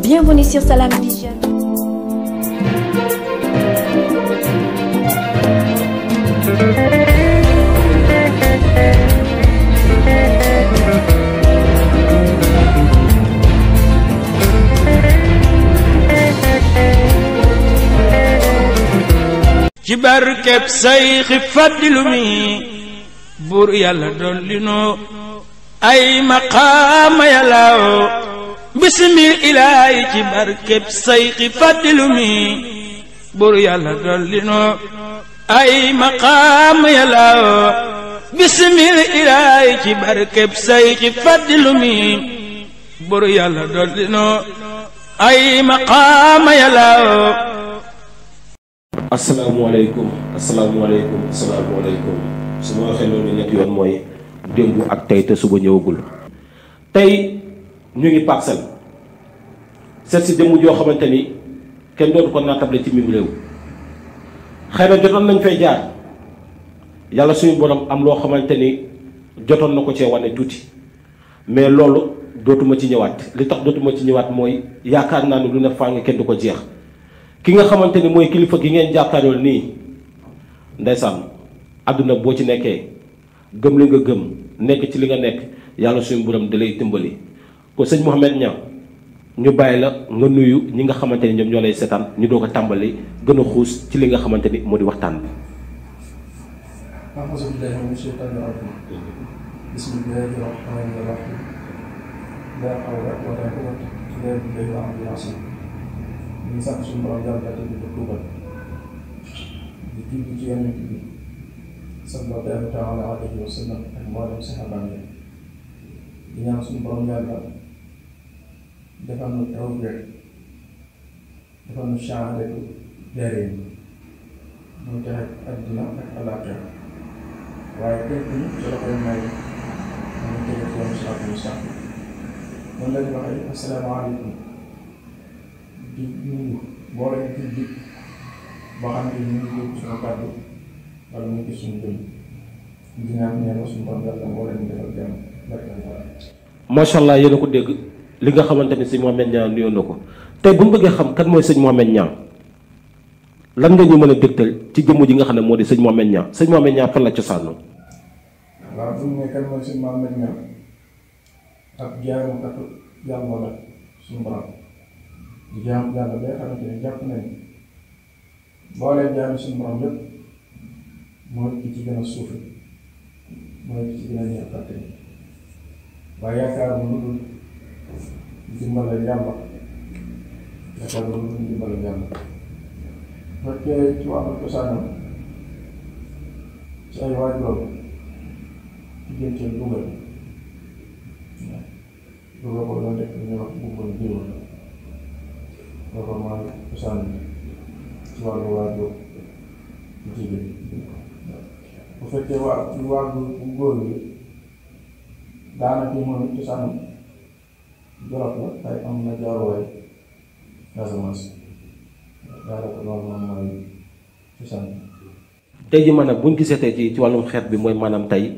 Bienvenue sur Salam Vision. ci barkeb sayxi fàddilu mi buur yàlla dolli noo ay maqaama yàllaaw bisimil ilaahi ci barkeb sayxi fàddilu mi yàlla dolli noo ay maqaam yàlla bisimil ilaahi ci barkeb sayxi su ma waxee loolu ñett yoon mooy démb ak tey suba ñëwagul tey ñu ngi parcelle seet si jëmm joo xamante ni kenn dootu ko naatable ci mim réew xëy na jotoon nañ fay jaar yàlla suñu borom am loo xamante ni jotoon na ko cee wane tuuti mais loolu dootuma ci ñëwaat li tax dootuma ci ñëwaat mooy yaakaar naa ni lu ne fànge kenn du ko jeex ki nga xamante ni mooy kilifa gi ngeen jàkkaarool nii ndeysaan àdduna boo ci nekkee gëm li nga gëm nekk ci li nga nekk yàlla suñu borom di lay timbali ko sëñ Mouhamed Niang ñu bàyyi la nga nuyu ñi nga xamante ni ñoom ñoo lay seetaan ñu doo ko tàmbali gën a xuus ci li nga xamante ni moo di waxtaan bi. defal nu tawfeex defal nu saadatu jariñ muy tax addina ak alaaxira waaye képp ñu ci la koy may mu tege ci yoonu sàkk yu sàkk noonu lañu waxee asalaamaaleykum di nuyu boole ñu ci dig boo xam ne ñu ngi yóbbu suñu kàddu wala mu ngi suñu jëm di ñaan nee na suñu kon yàlla moo leen defal jàmm barke macha allah yéen a ko dégg li nga xamante ni sëñ Mouhamed Niang nuyoo na ko te bu mu bëggee xam kan mooy sëñ Mouhamed Niang lan nga ñu a dégtal ci jëmm ji nga xam ne moo di sëñ Mouhamed Niang sëñ fan la cosaanoo. waaw bu ñu ne kan mooy sëñ Mouhamed Niang ab jaamukatu yàlla la suñu borom di jaamu yàlla ba nga ci gën a suufi mooy ki ci gën a ñeew fàtte waaye yaakaar mu dul dimbalal yàlla yaakaar naa ne dimbalal yàlla fekkee ci wàllu cosaanam ci ay waajuram ci diggante Louga Louga boobu la nekk ñu wax Goumba Diour loolu mooy cosaan bi ci wàllu waajur bu jigéen bu fekkee waa ci wàllu góor bi daanaka mooy cosaanam garab la tey tey ji maanaam bu ñu gisee tey ci ci wàllum xeet bi mooy maanaam tey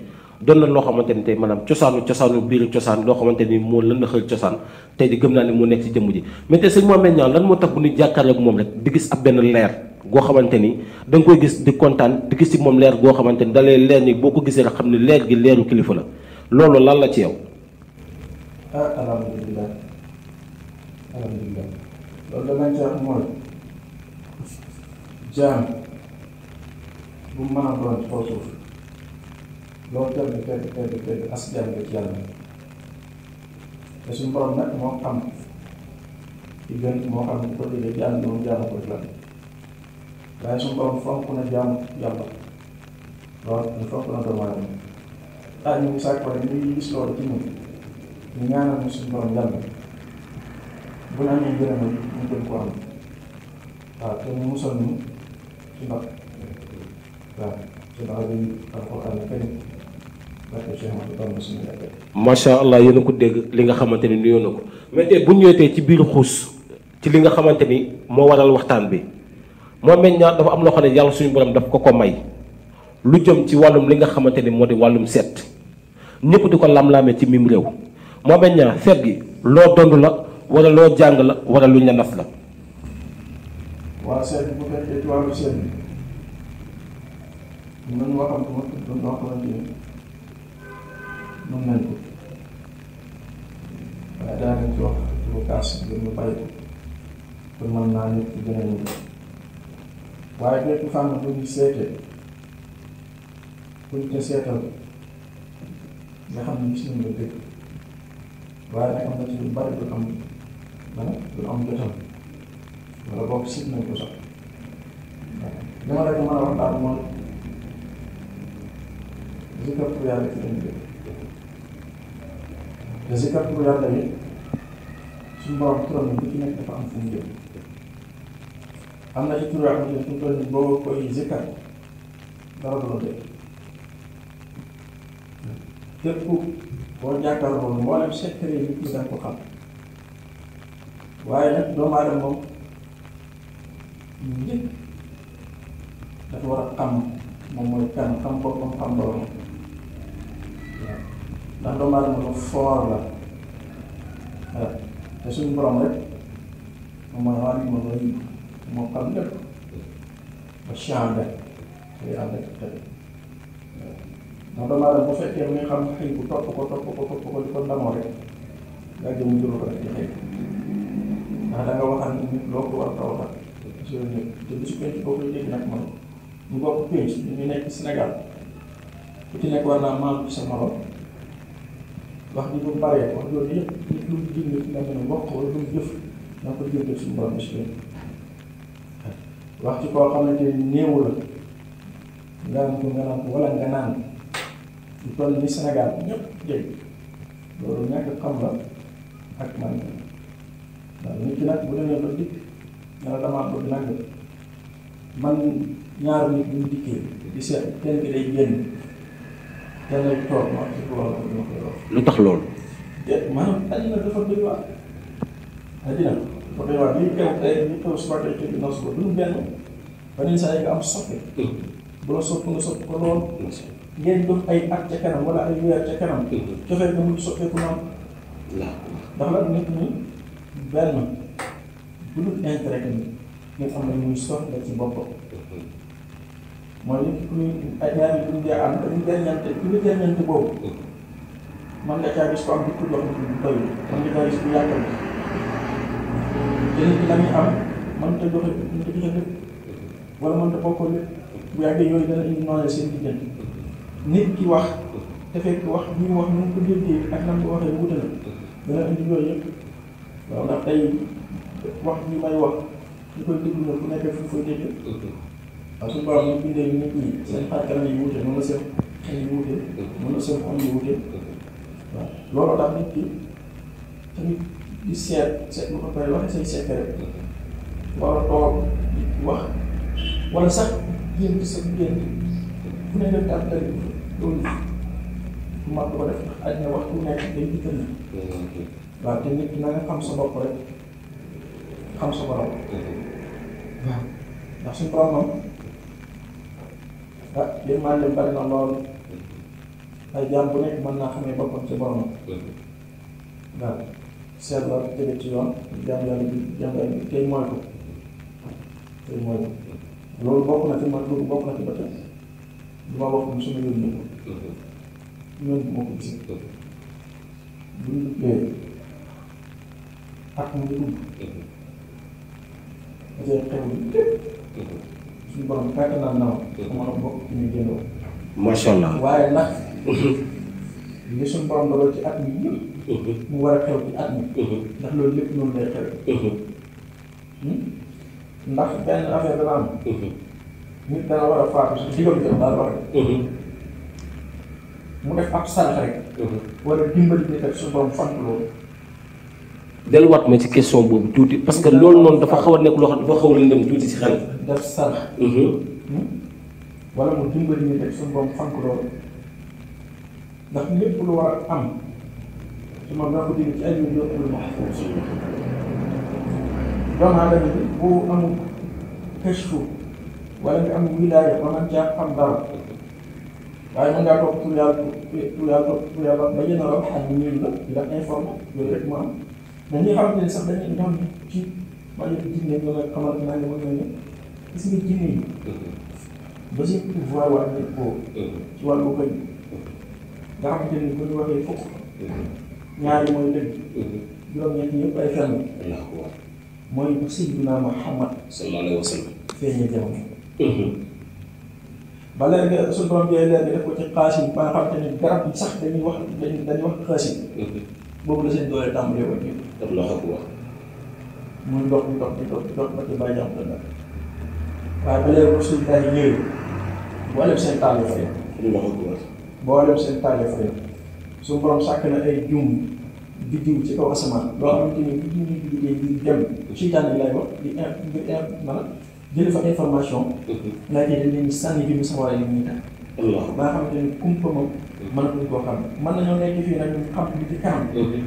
doon na loo xamante ni tey maanaam cosaanu cosaanu biiru cosaan loo xamante ni moo lën na xël cosaan tey di gëm naa ne mu nekk ci jëmm ji mais si sëñ Mouhamed Niang lan moo tax bu ñu jàkkaarloog moom rek di gis ab benn leer goo xamante ni danga koy gis di kontaan di gis ci moom leer goo xamante ni da leer ni boo ko gisee rek xam ne leer gi leeru kilifa la loolu lan la ci yow. ah alhamdulilah alhamdulilah loolu danañ ci wax mooy jaam bu mën a doon ci kaw suuf loo tedd tedd tedd tedd as jaam nga ci yàlla te suñu borom nag moo xam ci gën moo xam ne ko déggee jàmm moom jàmm ko la waaye suñu borom fonk na jàmm yàlla lool fonk na doomu aadama ah ñu ngi sàkk wala ñu ngi gis loolu ci ñun ñaanal ñu ko allah yéen ko dégg li nga xamante ni nuyoo na ko mais bu ñu ñëwee ci biir xuus ci li nga xamante ni moo waral waxtaan bi moo meñ ñaa dafa am loo xam ne yàlla suñu borom daf ko ko may lu jëm ci wàllum li nga xamante ni moo di wàllum seet ñëpp di ko lam-laamee ci mim réew Mohamed Niang seet gi loo dond la wala loo jàng la wala luñ la nas la. waaw seet bu fekkee ci wàllu seet bi man moo xam ne moo xamante ne mën nañ ko waaye daanañ wax lu kaas gën ñu bàyyi ko pour mën naa nit ci gën a ñëw waaye nekk fànn bu ñu seetee buñ seetal nga xam ne gis nañ la dëgg waaye nag am na ci lu bari lu am maanaam ah, lu am jotam wala boog sit nañ ko sax li ma rek mën a wax daal mooy zikar pour yàlla ci lañ jóg te zikar pour yàlla yi suñu borom turam bi ci nekk dafa am fu mu jëm am na ci tur yoo xam ne suñu toll nii boo koy zikar dara du la dee képp boo jàkkaarloo mboolem secteur yi nit ñi daan ko xam waaye nag doomu aadama moom njëkk dafa war a xam moom mooy kan xam boppam xam borom ndax doomu aadama lu foor la waaw te suñu borom rek moom mooy waa ni moom mooy moo xam lépp ba change te am rek ndax doomu aadama bu fekkee muy xam xëy bu topp ko topp ko topp ko di ko ndamoo rek daa jëm juróom ko def ci xëy ndax da nga waxal nit loo ko war a waxal su ñëpp te bisu penc boo koy dégg nag moom ñu bokk penc ñu nekk Sénégal ku ci nekk war naa maam ci sa morom wax ji bu baree wax loolu yëpp nit lu mu jënd fi nga xam ne mbokk wala lu mu jëf na ko jëndee suñu borom si wax ci koo xamante néewu la nga am ko nga naan ko wala nga naan lu toll ni Sénégal ñëpp dégg loolu ñàkk xam la ak man daal nit ki nag bu demee ba dikk dana damaa bëgg nag man ñaar nit ñu dikkee di seet kenn ki day génn kenn ki toog ma ci loolu dama koy wax. lu tax loolu. déet maanaam àddina dafa doy waar àddina dafa doy waar liy gën tey liy toog suba tey tey dina suba du benn beneen saa yi nga am soppi. Mm. bu la soppi nga soppi ko ngeen dox ay at ca kanam wala ay weer ca kanam. cofee ba mu soppeeku noonu. ndax la nit ñi benn bu dul intérêt tamit nga xam ne ñun soxla ci boppam. mooy nit ku ñuy ay ñaar yu ñu am dañuy derniante ku ñu derniante boobu. man nga caa gis ko am di ko jox du doy man nga caa gis ku yàggal jënd bi la muy am mënut a joxe mënut a joxe lépp wala mënut a bokkoo lépp bu yàggee yooyu dana indi noole seen diggante. nit ki wax te fekk wax bi wax nu mu ko déggee ak nam ko waxee wuute na dana indi yooyu yëpp waaw ndax tey wax bi may wax ñu koy déglu nag ku nekk fu koy dégg waaw suñu borom ñu bindee nit ñi seen xar kanam yi wuute mën na seen xel yi wuute mën na seen xol yi wuute waaw loolu tax nit ki tamit di seet seet lu ko koy waxe say secret wala toog wax wala sax yéen sa génn fu ne def tàmbali loolu ma du ko def waxtu nekk day dikkal na mm-hmm. waaw te nit na nga xam sa bopp rek xam sa borom mm-hmm. ah, na lool mm-hmm. ay jaam bu nekk mën naa xamee boppam ci boromam waaw seet la tëdd ci yoon jaam yàlla bi jaam yàlla bi tey mooy ko tey mooy ko loolu bokk na ci man loolu bokk na ci du ma wax moom su ma yoon ñëw yoon bi moo ko gisee mhm. bu ñu duggee ak mu ngi dugg da mhm. cee xew yi lépp mhm. suñu borom kàttanal naaw ma la bokk ñu génnoo macha allah waaye nag li suñu borom dogal ci at mi yëpp mu war a xew ci at mi ndax loolu lépp noonu lay xew hmm? ndax benn affaire dana am nit dana war a faatu mhm. mu def ab sarax rek. Mhm. wala dimbali nit ak su borom fant loolu. delluwaat ma ci question boobu tuuti parce que loolu noonu dafa xaw a nekk loo xam dafa xaw a lëndëm tuuti si xel. sarax. Mhm. Hmm? wala mu dimbali nit ak su borom fant loolu ndax lépp lu war a am su ma ko dégg ci ay yu yëpp lu ma xam. doomu aadama bi bu amul kashfu wala nga am wilaaya ba man caa xam dara waaye mën ngaa toog tur yàlla tur yàlla tur yàlla ba yéen a la xam ne nii la di la informé yooyu rek moo am mais ñi xam ne sax dañuy doon ci ma ne jinne nga may xamal naa ne mën na ne gis nga jinne yi mhm. ba si pouvoir wàll ko mhm. ci wàllu koy mhm. nga xamante ni bu ñu waxee fukk ñaari mooy dëgg juróom-ñett yëpp ay fenn mooy Seydina Muhammad sallallahu alayhi wa sallam feeñee jamono ba leer nga suñu borom jooy ko ci xaasin ba nga garab bi sax dañuy wax dañuy dañuy wax xaasin. boobu la seen doole tàmbalee woon ñëw. daf loxo bu wax. muy ndox mi ndox mi ndox ndox ba ci bàyyi jàpp la waaye ba leer suñ daay ñëwee boolem seen tàllu fa yëpp. loxo bu wax. boolem seen tàllu fa yëpp suñu borom sàkk na ay jum biddiw ci kaw asamaan loo dem seytaan bi lay wax di in jël fa information. Mhm. laajte dañ leen sànni bi mu sawara yi muy tàkk. waaw ba nga xamante ni kumpa moom. mën nañu koo xam mën nañoo nekk fii nag ñu xam li ci kanam. Mhm.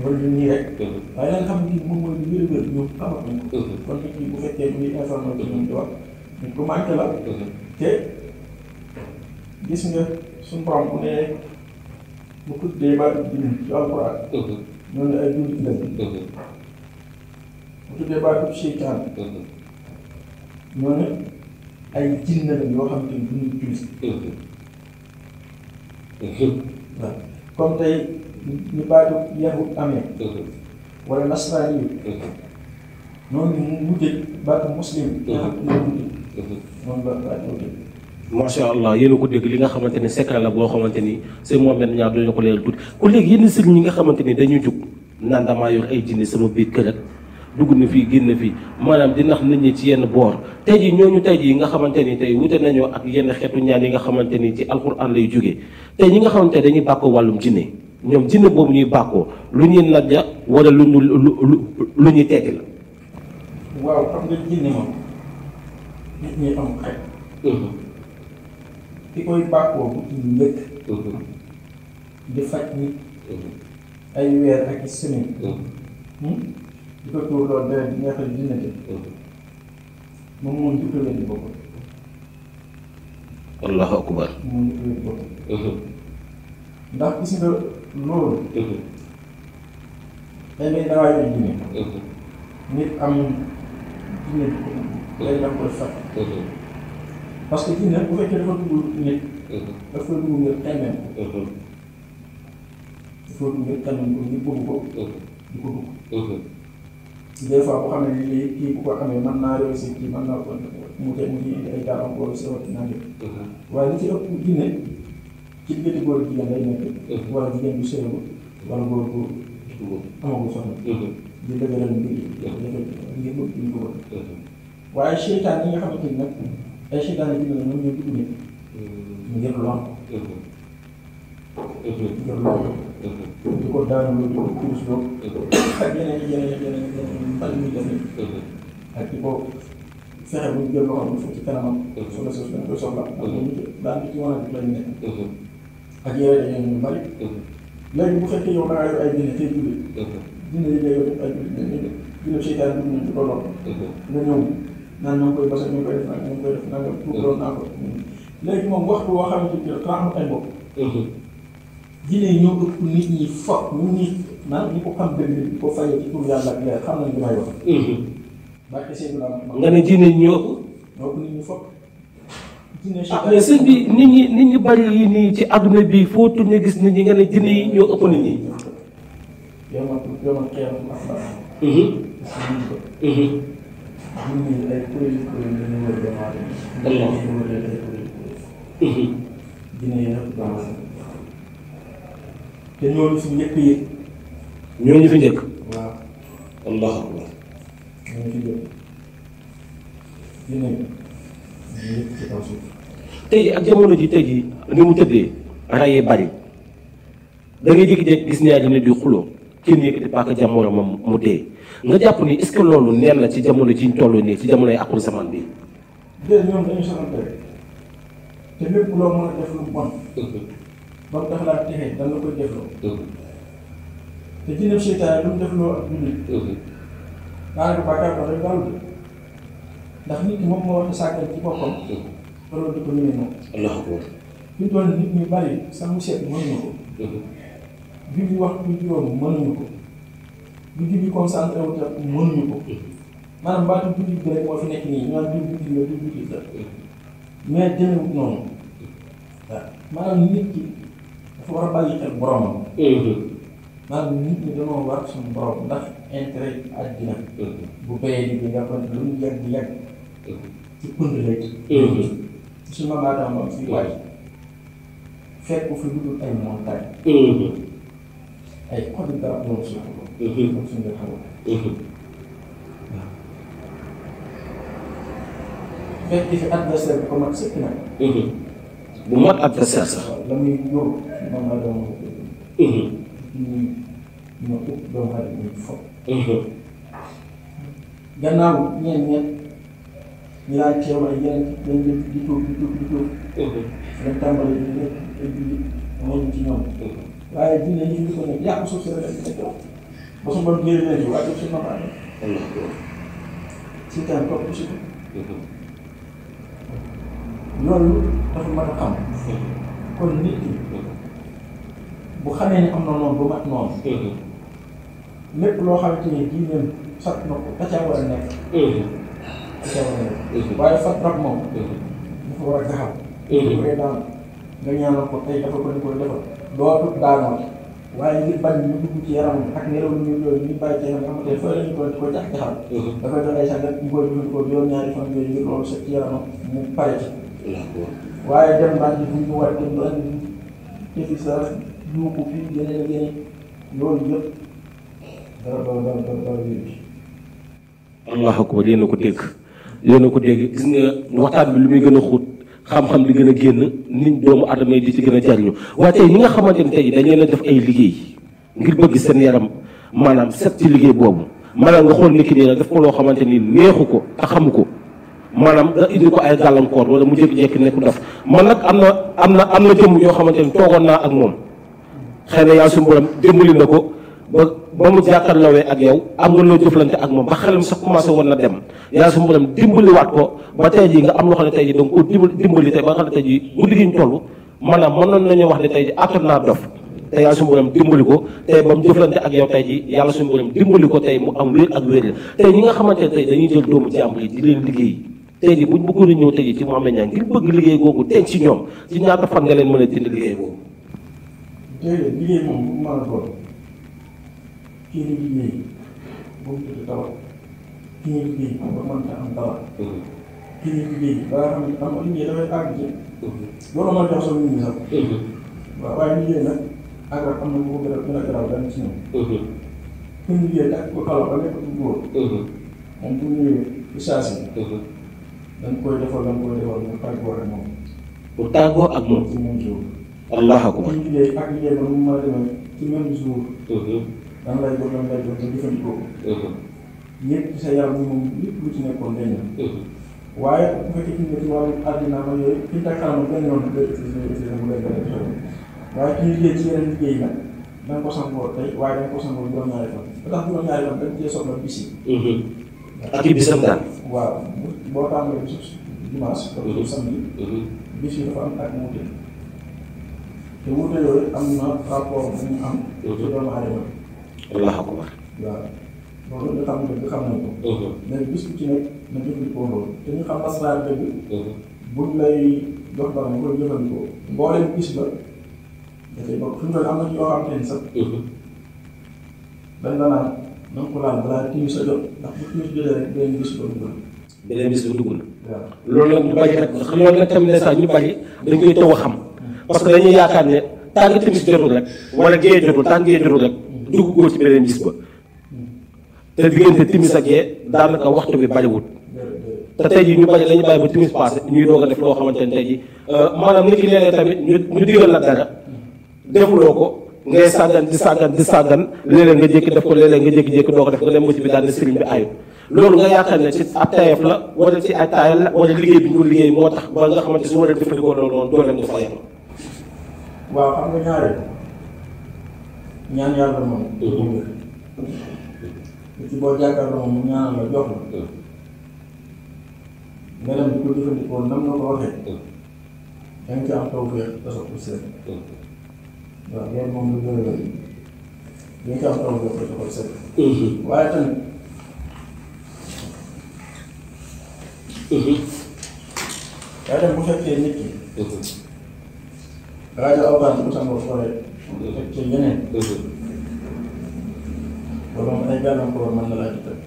loolu ñun ñii rek. Mhm. waaye la nga xam ne moom mooy lu wér wér ñoom xamatuñ ko. kon nit ñi bu fekkee muy information bi ñu wax ñu ko manqué la. te gis nga suñu borom bu ne bu tuddee ba jullit ci alxuraan. ñooñu ay jullit lañ. bu tuddee ba seytaan ñooñu ay jinne lañ yoo xam te ne duñu jullit. comme tey ñu baatu yahut amee. wala nasaraan yi. noonu mu mujjee baatu muslim. yahut allah yéen a ko dégg li nga xamante ni secret la boo xamante ni seen moom benn ñaar doon na ko leeral tuuti kon léegi yenn sëriñ ñi nga xamante ni dañuy jug naan damaa yor ay jinne sama biir kër dugg na fii génn fii maanaam di nax nit ñi ci yenn boor tey jii ñooñu tey jii nga xamante ni tey wute nañoo ak yenn xeetu ñaan yi nga xamante ni ci alxuraan lay jóge tey ñi nga xamante dañuy bàkkoo wàllum jinne ñoom jinne boobu ñuy bàkkoo lu ñuy najja wala lu ñu lu lu ñuy tekki la. waaw xam nga jinne moom nit ñi am xel. Mm-hmm. ki koy bàkkoo bu njëkk. Mm-hmm. di faj nit. Mm-hmm. ay weer ak i semaine. Hmm? di ko tuur loolu deret di neexal diggante moom moo njëkk leen di boppam. allahu akbar. moo njëkk leen di boppam. ndax gis nga loolu. dañ lay dawaay ay jinne. nit am jinne di ko lay dam ko sax. parce que jinne bu fekkee dafa dugg nit. dafa dugg nga tànneen ko. dafa dugg nga tànneen ko ñu bëgg ko. di ko dugg. des fois boo xam ne nii lii kii bu ko amee man naa réussir kii mën naa ko mu te mu ngi indi ay gàllankoor si rawatina lépp. Mhm. waaye li ci ëpp dina ci diggante góor ak jigéen lay nekk. Mhm. wala jigéen bu séeru wala góor bu mhm. amagu soxna. di dëgëral mbir yi. ngir bëgg ñu ko bëgg. waaye seytaan yi nga xamante ni nag ay seytaan yi dina ñoom ñoo dugg nit. ngir lor. di ko daanu lu di ko suuf ak yeneen yeneen yeneen yeneen fan muy demee ak di ko fexe bu ñu jël loo xam ne ci kanamam su la sos dañ koy soxla ndax ñu daan ci wan ak lañ nekk ak yeneen yeneen yu bari léegi bu fekkee yow da ngaa yor ay dina tey julli dina yi nga yor ay julli dina seytaan bi ñu ci ko lool nga ñëw naan ñoo ngi koy basa ñoo koy def nag ñoo ngi koy def nanga pour doon naa ko léegi moom waxtu boo xamante ni trente ay bopp diine ñoo ëpp nit ñi fo ñu ñi maanaam ñi ko xam dëgg di ko fayee ci tur yàlla ak leer xam nañ li may wax. Mhm. nga ne diine ñoo ëpp. ñoo ëpp nit ñi fo. diine ah, mais sëñ bi nit ñi nit ñi bari yi nii ci àdduna bi foo tourné gis nit ñi nga ne diine yi ñoo ëpp nit ñi. yow man mhm. mhm. yow te ñooñu fi ñëpp yëg. ñooñu fi njëkk. ak jamono ji tey jii ni mu tëddee rayee bari da ngay jékki-jékki gis ñaari ne di xuloo kenn yëkkati paaka jamono moom mu dee nga jàpp ni est-ce que loolu neen la ci jamono ji ñu toll nii ci jamonoy akul zaman bi. ba mu tax laa texe dana ko defloo. te jinne seytaane lu mu defloo ak jullit. daanaka bàkkaar ba rek daal ndax nit ki moom moo war a sàkkal ci boppam. loolu di ko ñëwee moom. allahu akbar. ñu doon nit ñu bari sax mu seet mënuñu ko. julli waxtu juróom mënuñu ko. lu julli concentré wu te mënuñu ko. maanaam baatu julli bi rek moo fi nekk nii ñu naan julli julli la julli julli la mais jëmewut noonu. waaw maanaam nit war a bàyyi xel boromam. maanaam nit ñi dañoo war suñu borom ndax intérêt àddina mhm. bu bayee bi nga xam ne lu mu yàgg yàgg. Mhm. ci pënd rek. su ma maanaam fii waay fekk fi lu dul ay montagne. Mhm. ay xolu garab moom suuf loolu. kon suñu xamoon. fekk fi adversaire bi ko mat sëkk nag. bu mat ak seet sax. gannaaw ñeent ñeent ñu daan teewal yéen dañ leen di tuub di tuub di tuub. dañ mhm. tàmbali di leen di julli mooy ci ñoom. Mhm. waaye dina ñu ngi ko ne yàqu suuf si rek di ko ba su ma néew leen waaye suuf si ma baax mhm. si kan topp si loolu dafa mën a xam kon nit ki bu xamee ne am na noonu bu mat noonu lépp loo xamante ne jii leen sat na ko da caa war a nekk da caa war a nekk waaye sat rab moom dafa war a gaxal bu koy daan nga ñaanal ko tey dafa ko ni koy defal dootul daanoo waaye ngir bañ ñu dugg ci yaram ak nelaw ñu loolu ñu bàyyi ci yaram xamante ne foo leen ko mm-hmm. ko jax jaxal dafay doon ay sàngat ngóor ñu ko juróom ñaari fan yooyu ngir loolu sa ci yaram mu pare ci waaye dem bànq bi mu war dem ba indi sa yuuxu fii yeneen ak yeneen loolu yëpp dara dara dara dara allah akbar yéen a ko dégg yéen a ko dégg gis nga waxtaan bi lu muy gën a xóot xam-xam bi gën a génn nit doomu adama yi di ci gën a jariñu waaye tey ñi nga xamante ne tey dañ leen a def ay liggéey ngir bëgg seen yaram maanaam set ci liggéey boobu maanaam nga xool nit ki nii nag def ko loo xamante ni neexu ko te xamu ko. maanaam nga indi ko ay gàllankoor wala mu jékki-jékki nekk daf man nag am na am na am na jëmm yoo xamante ni toogoon naa ak moom xëy na yàlla suñu borom dimbali na ko ba ba mu jàkkaarloowee ak yow am nga loo jëflante ak moom ba xelam sax commencé woon na dem yàlla suñu dimbaliwaat ko ba tey jii nga am loo xam ne tey jii donc ko dimbali tey ba nga xam ne tey jii guddi ñu wax ne tey jii attan naa dimbali ko tey ba mu ak yow tey ji yàlla dimbali ko tey mu am wér ak wér la tey nga xamante ne tey dañuy jël doomu jàmbur yi di leen liggéey tey jii buñ bëggoon a ñëw tey ci Mouhamed Niang ngir bëgg liggéey googu tey ci ñoom ci ñaata fan nga leen mën a jënd liggéey boobu. déedéet liggéey moom maa la ko wax kii la liggéey boo ko jëlee tawal kii la liggéey ba mënta am tawal. Mhm. kii la liggéey daa am am liggéey dafay àgg ci. Mhm. loolu moo jox sama nit ñi sax. Mhm. waaw waaye liggéey nag ak ak am na bu ko gën a gën a garaaw daan ci ñoom. kii liggéey ak ko xalaat ba nekk du góor. moom bu ñëwee du saa si. dañ koy defal dañ koy defal mu tàggoo ak moom. mu tàggoo ak moom. ci même jour. allah akuma suñu liggéey ak liggéey ba mu mën a demee ci même jour. Mm-hmm. dama lay jox dama lay jox nga jëfandikoo ko. ñëpp mm-hmm. sa yaram moom lépp lu ci nekkoon dañ la. Mm-hmm. waaye bu fekkee ci nga ci wàllu àddina ma yooyu ci takkaaram benn yoon nga utilisé utilisé mu lay bëri waaye ci liggéey ci yeneen liggéey nag da nga ko sangoo tey waaye da nga ko sangoo juróom-ñaari fan ba tax juróom-ñaari fan dañ cee soxla bis yi. ak i bisam daal. waaw boo tàmbalee ci dimanche. wala samedi. Mm-hmm. bés yi dafa am ak wuute. te wuute yooyu am na rapport bu ñu am. ci mm-hmm. doomu aadama. allahu akbar. waaw loolu nga xam ne xam nañ ko. léegi mm-hmm. bis bu ci nekk na jëfandikoo loolu te ñu xam asraar dëgg. buñ lay jox dara nga koy jëfandikoo. mbooleem gis la dafay bokk fi mu am na ci yoo xam ne sax. dañ la naan na nga ko laal balaa timis a jot ndax bu timis jotee rek day gis loolu beneen bis bu dugg na. loolu la ñu bari nag loolu nag tamit sax ñu bari dañ koy taw a xam. parce que dañuy yaakaar ne tànk timis jotul rek wala gee jotul tànk gee jotul rek dugg ko ci beneen bis ba. te diggante timis ak gee daanaka waxtu bi bariwul. te tey jii ñu bari dañuy bàyyi ba timis passé ñuy doog a def loo xamante ne tey jii euh, maanaam nit ki léeg-léeg tamit ñu ñu digal la dara loo ko. ngay sàggan di sàggan di sàggan léeg-léeg nga jékki def ko léeg ko def nga dem ba ci bi daal ne sëriñ bi ayut loolu nga yaakaar ne ci ab tayef la wala ci ay taayal la wala liggéey bi ñu liggéey moo tax ba nga xamante su war a jëfandikoo loolu noonu dooleem dafa yem. waaw xam nga ñaare ñaan yàlla moom. ci boo jàkkaarloo moom mu ñaanal la jox la. nga dem di ko jëfandikoo nam nga ko waxee. da nga ci am taw feex parce que seet. waaw loolu moom lu gën a gën. da nga ci am taw feex parce que seet. Mm-hmm. waaye tamit. Mm-hmm. yaa dem bu fekkee nit ki. Mm-hmm. rajo Alban bi mu sangoo foree. bu fekkee mm-hmm. yeneen. loolu moom ay gàllankoor mën na laa ci tëj.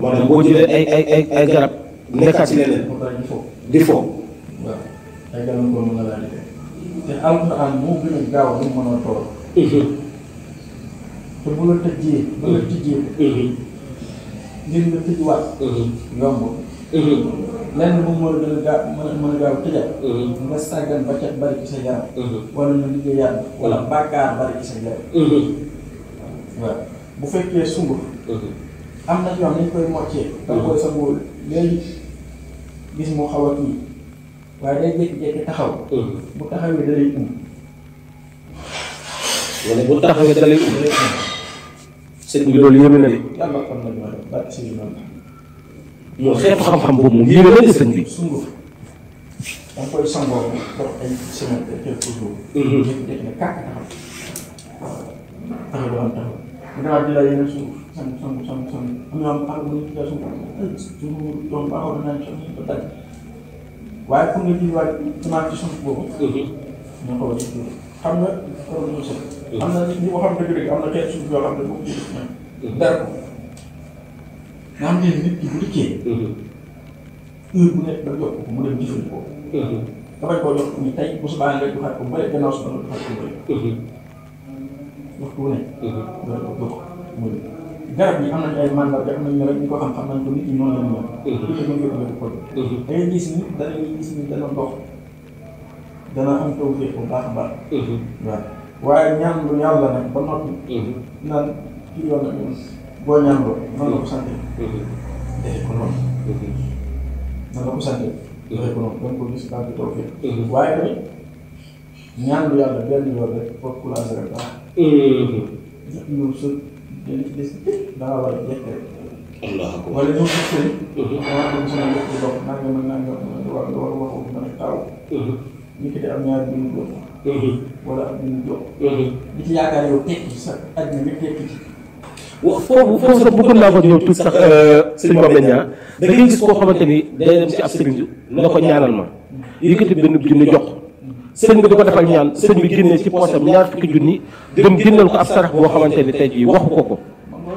maanaam boo jëlee ay ay ay ay garab nekkaat ci leneen. di fo di fo. waaw ay gàllankoor mën na laa ci te alxuraan moo gën a gaaw lu mu mën a tool. te bu la ngir nga tëjuwaat. Mhm. yomb. Mhm. lenn bu mu mën a gën a gaa mën a mën a gaaw tëjal. Mhm. nga sàggan ba ca bari ci sa yaram. wala nga liggéeyaat. wala bàkkaar bari ci sa yaram. waaw bu fekkee sunguf. am na ñoom dañ koy moccee. da koy sa bool léegi gis mu xaw a tuuti waaye day jékki-jékki taxaw. bu taxawee da lay um. wala bu taxawee da lay um. um. sëñ bi loolu yéeme na de. yow xeetu xam-xam boobu moom yéeme na de sëñ bi. da nga koy sangoo dox ay semaine ay quelques jours. ñëpp def na kàkk taxaw. taxaw am taxaw. mu daal di la yeneen sunguf sang sang sang sang am na am pax bu ñu tuddee sunguf sunguf doom baaxoon naa ci ba daj waaye pour nga jiwaat semence ci sunguf boobu. ñu xaw a xam nga problème mu am na ñu waxoon dëgg dëgg am na xeetu suuf yoo xam ne moom jënd. dara ko nga xam ne nit ki bu dikkee. heure bu nekk da nga yokk ko mu dem jëfandikoo. Mm-hmm. dafay koo jox ni tey bu subaa nga joxaat ko bu bëri gannaaw suba nga joxaat ko bu bëri. Mm-hmm. waxtu wu ne. Mm-hmm. nga jox ko muy garab yi am nañu ay mandarga am nañu ne rek ñu ko xam xam nañ ko nit ñi noonu la ñu mën. nit ñi dañu koy amee ko da ngay gis ni da ngay gis ni dana dox dana am taw féex bu baax a baax. waaw. waaye ñaan lu yàlla nag ba noppi. Mhm. naan kii yoon na yoon boo ñaan loo nan la ko sant. defee mhm. ko noonu. Mhm. nan la ko sant. defee ko noonu da nga ko gis kàddu taw fii. waaye tamit ñaan lu yàlla benn yoon rek foofu la nga rek baax. ndax yow sa jëli des daa war a jekk rek. wala ñoo gis seen. damaa dem sama mbokku dox nangam ak nangam war war waxu mën a taw. ñu ki am ñaar bi ñu wala am nañu jox. li mhm. sax àddina bi tekki ci. wax foofu sax bëggoon naa ko ñëw tuuti euh, sax sëñ Mame Mbaye Niang da ngay gis koo xamante ni day dem si ab sëriñ na ko ñaanal ma yëkkati benn junni jox sëñ bi di ko defal ñaan sëñ bi génnee ci poosam ñaar fukki junni dem génnal ko ab sarax boo xamante ni tey jii waxu ko ko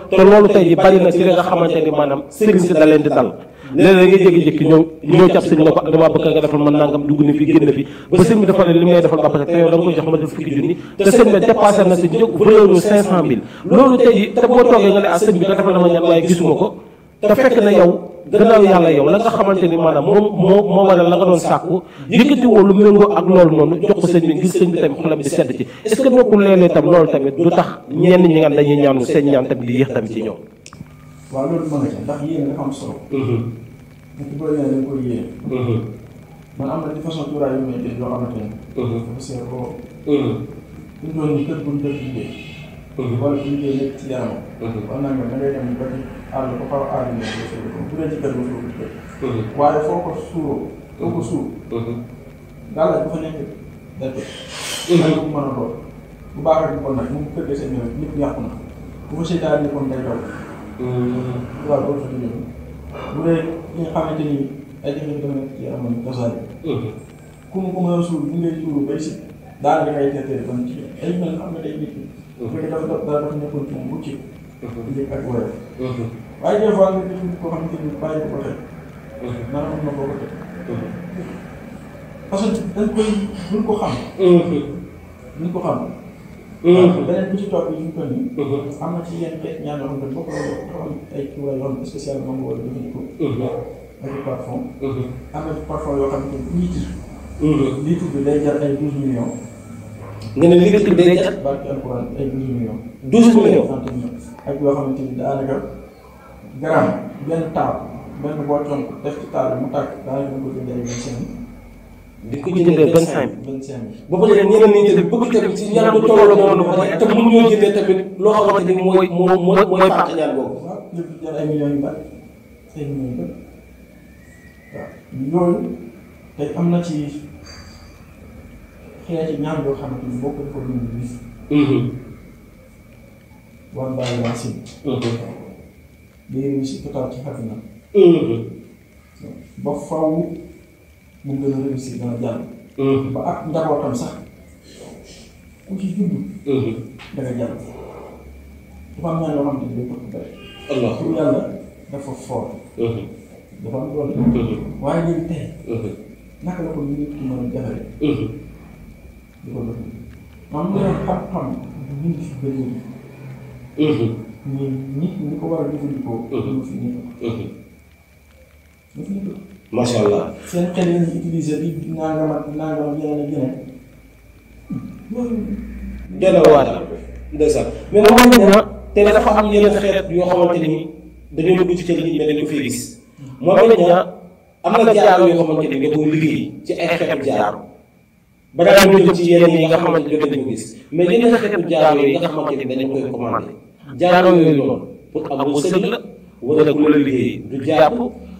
te loolu tey jii bari na si li nga xamante ni maanaam sëriñ si da leen di dal léeg-léeg da ngay jékki-jékki ñëw ñëw ci ab sëñ ne ko damaa bëgg nga defal ma dugg na fi génn fi ba sëñ bi dafa ne li defal ba pare ah, bi nga defal na ma ñaan waaye gisuma ko te fekk na yow gannaaw yàlla yow la nga xamante ni maanaam moom moo moo waral la nga doon sàkku yëkkati woo lu méngoo ak loolu noonu jox ko sëñ bi ngir sëñ bi tamit xolam bi sedd ci est ce que nekkul tam loolu tamit du tax ñenn ñi nga ñaanu seen ñaan tamit di yéex tamit ci waaw loolu ma nga ca ndax yéene dafa am solo. Mhm. nit boo yéene dañ koy yéene. Mhm. man am na façon tuuraay yu may def yoo xamante ne. Mhm. dafa seer ko. ñu doon ni kër bu ñu def liggéey. wala bu liggéey nekk ci yaramam. war naa ñëw da ngay dem ba àll ba xaw a aar nekk ba sori ko bu dee ci kër ba sori ko. waaye foo ko suuroo. foo ko suur. daal bu fa nekk dañ koy. dañ ko mën a doon bu baax a bon nag mu kër de seen yoon ñëpp yàqu na bu fa seetaan ni kon day doon. tubaab boo ko tuddee bu dee li nga xamante ni ay jafe-jafe yi amoon cosaan yi. ku mu commencé suul bu ñu lay tuuru bay si daal da ngay teetee kon ci ay mel xam nga day nit ñi. bu mm-hmm. fekkee dafa dafa dafa nekkoon ci mu mucc. Mm-hmm. njëkk ak wér. Mm-hmm. waaye des fois nga gis ko xamante ni bàyyi ko ko teg. naan am na koo ko teg. parce que dañ koy duñ ko xam. duñ ko xam. Mm-hmm. beneen bi ci topp yi ñu toll nii. Mm-hmm. am na ci yenn xeet ñaan yoo xam ne boo ko am ay cuuraay yoo xam ne spécial moom nga a jëfandikoo. Mm-hmm. am na parfum yoo xam ne litre. litre bi day jar ay douze millions. nga ne litre bi day jar. barke alquran ay douze millions. douze millions ak yoo xamante ni daanaka gramme benn taal benn boo coono def ci taal mu tàkk daanaka nga bi ku jëndee vingt cinq mille ba pare ñeneen ñi jënd bëgg tamit si ñaan bu tolloo la mën a te mun ñoo jëndee tamit loo xamante ni mooy mooy mooy pàcc ñaan boobu. Ah, ay millions yu bari ay millions yu bari waaw loolu tey am na ci xeeti ñaan boo xamante ni bokkul ko lu mu gis. Mm-hmm. wan bàyyi waa Sine. Mm-hmm. léegi ñu si total ci xarit na. Mm-hmm. ba faw. mu gën a réussir dana jàll. Mm-hmm. ba ak njabootam sax ku ci judd. Mm-hmm. da nga jàll. dafa am ñaan yoo xam ne day topp dara. allah pour yàlla dafa fort. Mm-hmm. dafa am doole. waaye léegi tey. naka la ko nit ki mën a jaxale. di ko def maanaam loolu xam-xam du ñu fi bëri ñu nit ñi ko war a jëfandikoo. ñu fi nekk. ñu fi nekk. macha allah. seen xel yi ñuy utiliser bi nangam ak nangam ak yeneen ak yeneen. loolu. doy na waar ndeysaan mais moom na te dafa am yenn xeet yoo xamante ni dañoo dugg ci kër gi mais dañ ko fee gis. moom lañ na am na jaaro yoo xamante ni da koo liggéey ci ay xeetu jaaro. ba daal ñu jëm ci yenn yi nga xamante ni dañu ko gis mais yenn xeetu jaaro yi nga xamante ni dañu koy commandé. jaaro yooyu noonu pour amul sëñ la wala ku la liggéey du jàpp.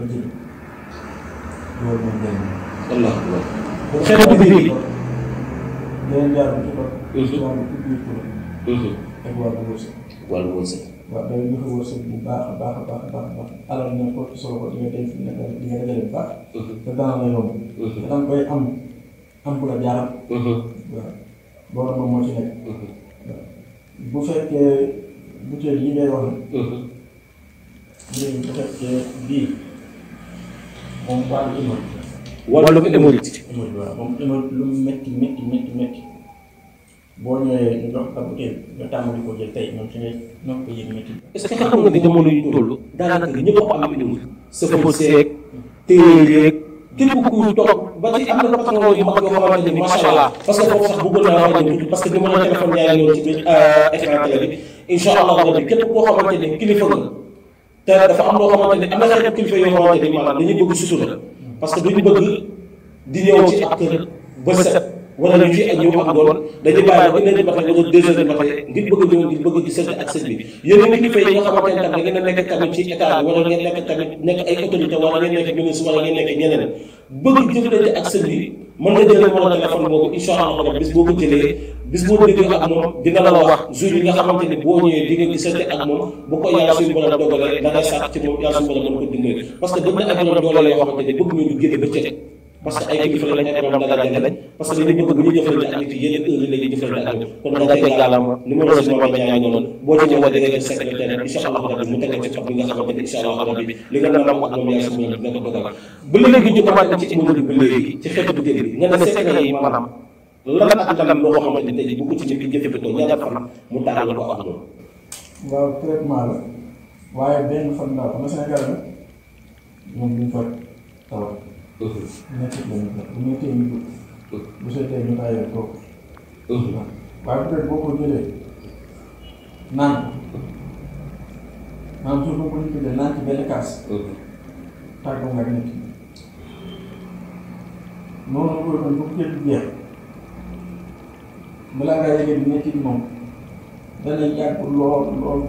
ba jëm loolu moom day allah xeetu bi bi day jaar ci ko wàllu ubbi ko ak wàllu wërsëg wàllu wërsëg waaw day joxe wërsëg bu baax a baax a baax a baax a baax alal na ko solo ko di nga denc di nga di nga bu baax te dana la yomb da nga koy am am ku la jaaram waaw loolu moom moo ci bu fekkee butéel yi ngay wax bu fekkee bii moom wàllu émorite. wàllum émorite émorite waaw moom émorite lu métti métti métti métti boo ñëwee ñu jox ab butéel nga tàmbali ko jël tey moom su ngay nopp ko yëg métti. est-ce que xam nga ni jamono yu ñu toll daanaka ñëpp a am émorite. sëfo seeg téere yeeg képp ku toog ba ci am na patron yu mag yoo xamante ni macha allah. parce que foofu sax bëggoon naa wax ne parce que bi ma la téléphone yaay ñëw ci biir euh, écran télé bi incha képp koo xamante ni kilifa te dafa am loo xamante ne am na xeetu kilifa yoo xamante ne maanaam dañuy bëgg sutura parce que bëgg di ñëw ci ak ba set wala ñu ci ak ñëw am ngir bëgg di sëgg ak sëñ bi yéen kilifa yi nga xamante ne tam da ngeen nekk tamit ci état bi wala ngeen nekk tamit nekk ay autorité wala ngeen nekk ministre wala ngeen nekk ñeneen bëgg jëflante ak sëñ bi mën nga jëlee numéro téléphone boobu incha allah bis boo ko jëlee bis boo déggee ak moom dina la wax jour yi nga xamante ni boo ni bëgg ñu génn bëccëg parce que yi yenn heure lañuy jëflante ak boo ci ñëwee da ngay jël secrétaire incha allah rabbi mu ci bi nga xamante ni incha allah rabbi léegi ci immobilier bi génn nga ne secret yi maanaam lan ak lan loo xamante ne tey bu ko ci jëfandikoo ñaata fan mu tàggal ko ak loolu. waaw traitement la waaye benn fan daal xam nga Sénégal bi moom duñ fa tawat. nekk ci lañu fa bu nekkee ñu ko. bu seetee ñu bàyyi ko. waaye peut-être boo ko jëlee naan naan suuf boo ko jëlee naan ci benn kaas. tàggoo nga nekk noonu la ko doon ba mu jël jeex. balaa ngaa jógee di nekk moom dana yàgg lool lool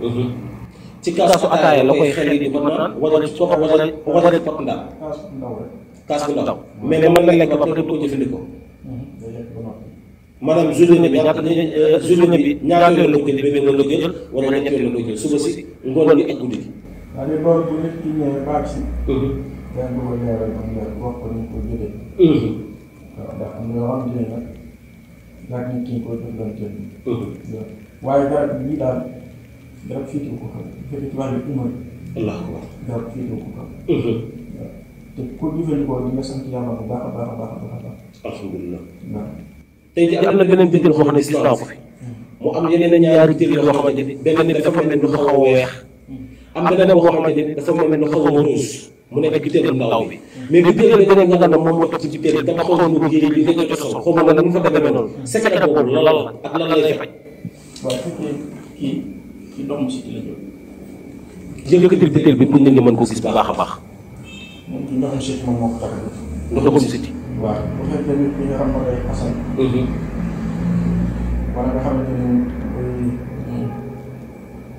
mhm. ci kaasu ataaya la koy xel yi di ko naan wala soo ko wala wala pot ndaw. kaas bu ndaw rek. lekk ba pare koo jëfandikoo. Mhm. maanaam journée bi ñaata journée bi ñaata yoon la ko jël benn yoon la ko jël wala ñetti yoon la ko suba si ngoon gi ak guddi gi. waaw mais loolu bu nit ki ñëwee si. Mhm. danañ ko bëgg a leeral ba mu leer wax ko ni ko jëlee. Mhm. waaw ndax am na yoo ne nag ñàkk nit ki koy jëflanteel. Mhm. waaye garab bi lii daal garab ko xam bu fekkee ci wàllu ko xam. Mhm. waaw te ku jëfandikoo a baax a alhamdulilah tey jii am na beneen digal boo ne gis naa ko fi. mu am yeneen dafa mel ni lu weex. am na beneen boo xamante ni dafa mel ne xaw a ruus mais bitéelu beneen nga xam ne moom moo tax ci bitéel dafa xaw a nuru yéen yi dañoo joxoon xaw ne nu mu fa demee bi pour ko gis bu baax a baax. moom ci ko tax a jóg. siti.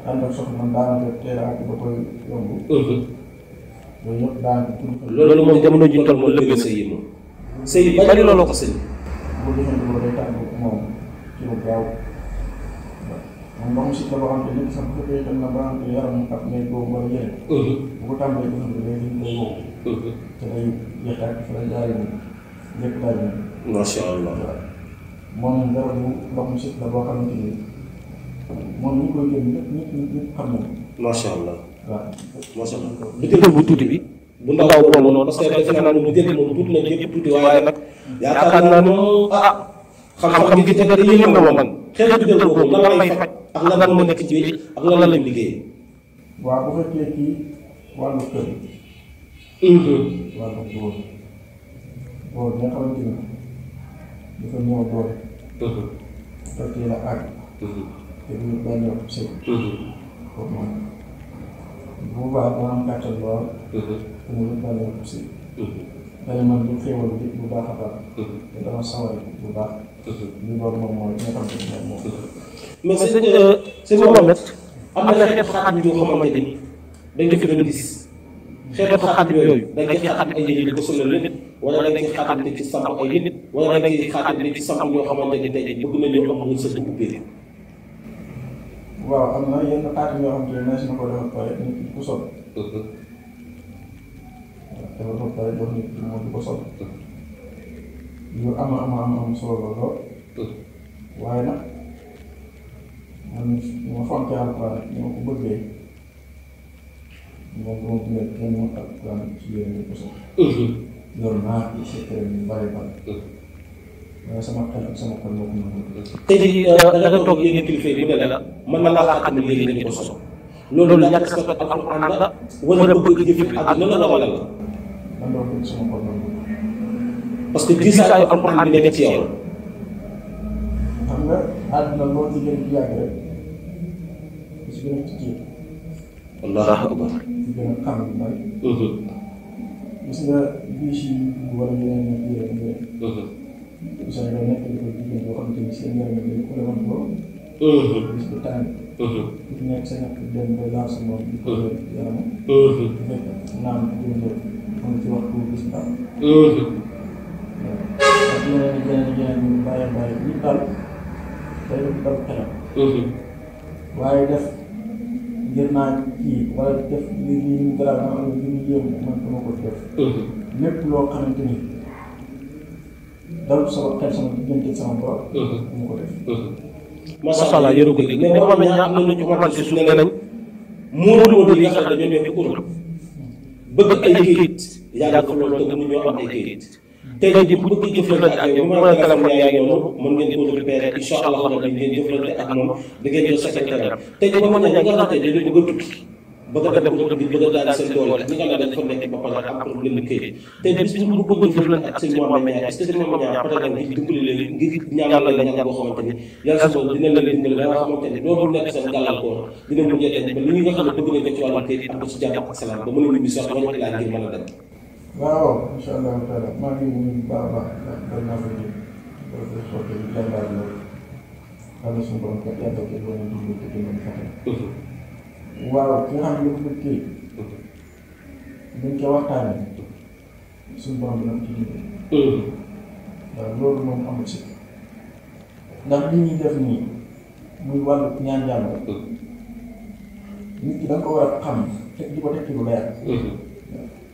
ànd ak soxna daanaka teel a àgg da koy yomb. loolu yëpp daanaka. loolu moom jamono ji ñu toll moom lépp la sëy yi moom. sëy yi bari looloo ko sëy. boo jëfandikoo day tàgg moom ci lu gaaw. moom ba mu si boo xam te na ba nga yaram ak ngay boobu wala yére. bu ko tàmbalee jëfandikoo day nit day wow. te day yéex ak fa la jaaree moom lépp daal moom ñu ngi koy génn ñëpp ñëpp ñëpp xam nañu. macha allah. waaw macha allah bu jëlee bu tuuti bi. bu ndaw boobu noonu parce que defe naa ne bu jëlee moom tuuti na ñëpp tuuti waaye nag. yaakaar naa ne ah. xam-xam gi ci dëkk yi yëngu ma man. xeetu ak lan lan mm-hmm. moo nekk mm-hmm. ci ak lan lan lañ benn benn sëñ. foofu mhm. moom bu baax moo am gàttal lool. te mhm. mu benn sëñ. dana mhm. man bu xéewal bi bu baax a baax. te dama sawar bu baax. li loolu moom mooy li nga xam ne moom moom. mais euh, euh, sëñ sëñ Mohamed am na xeetu xaat yoo xamante ni dañu ko doon gis. xeetu xaat yooyu da ngay xaat ay yéen ko solo lépp wala da ngay xaatante ci samp ay nit wala da ngay xaatante ci samp yoo xamante ni tey bëgg nañu am wërsëg bu ubbee waaw am na yenn xaatim yoo xam te ne naa si na ko defal pare nit ki di ko sol. waaw mhm. defal pare jox nit ki moom di ko sol. yu am am am am solo lool. Mhm. waaye nag man ma fonk alquran ni ma ko bëggee moom moom dina dina mën alquran ci yéen di ko sol. loolu mhm. naa ci secret yu bari bari. sama xel ak sama xol moo ko mën tey euh, la man man laa xam ne léegi dañu ko soso loolu la wala bëgg la wala la man parce que di yàgg rek ci gën a tijjee wallaahu akbar ci a xam lu bari mhm. te Sénégal nekk na ko jigéen boo xamante ni seen yaram yi ko lewoon loo. bis bu tàng. ku nekk sa ñàkk dem ba laal sa moom di ko yaramam. bu fekk naan jëndoo mën ci wax pour bis ndax. ak yeneen i yeneen i yeneen yu bàyyi bàyyi yu dal day dal xelam. waaye def ngir naa kii wala def lii lii ñu garaab ma am lu ñu yéem man dama ko def. lépp loo dal sama xel sama diggante sama borom. mu a ko dégg mais wax nañ ñaa am na ñu xamante suuf ne nañ. muur yi nga ne ñoo ñëw ba bëgg ay kayit yàgg ko loolu te mënuñoo am ay kayit. tey jii a téléphone yaa ngi noonu mën ngeen ko récupéré incha allah ngeen jëflante ak moom da ngeen jël sa téléphone tey jii mën na ña nga xam ne dañoo bëgg tukki bëgg a dem ut bi bëgg a daal seen doole ñi nga xam ne dañ fa nekk ba pare am problème bi te bis bu ñu bëggoon jëflante seen moom ñaar est-ce que seen moom ñaar pare ngir dimbali leen ngir ñaanal la ñaan boo xamante ni yàlla su dina la leen dimbali da nga xamante ni doo nekk seen gàllankoor dina li nga xam ci wàllu këyit am ko ci jàmm ak salaam ba mën a ñibbi sax ba ñu laa ngir mën a dem a baax waaw ki nga xam ne dafa bëgg kii dañ ko waxtaanee suñu borom bi dama ci jublu. Mm-hmm. waaw loolu moom amul si ndax li ñuy def nii muy wàllu ñaan jàmm mm-hmm. nit ki da nga ko war a xam teg di ko teg ci lu leer. Mm-hmm.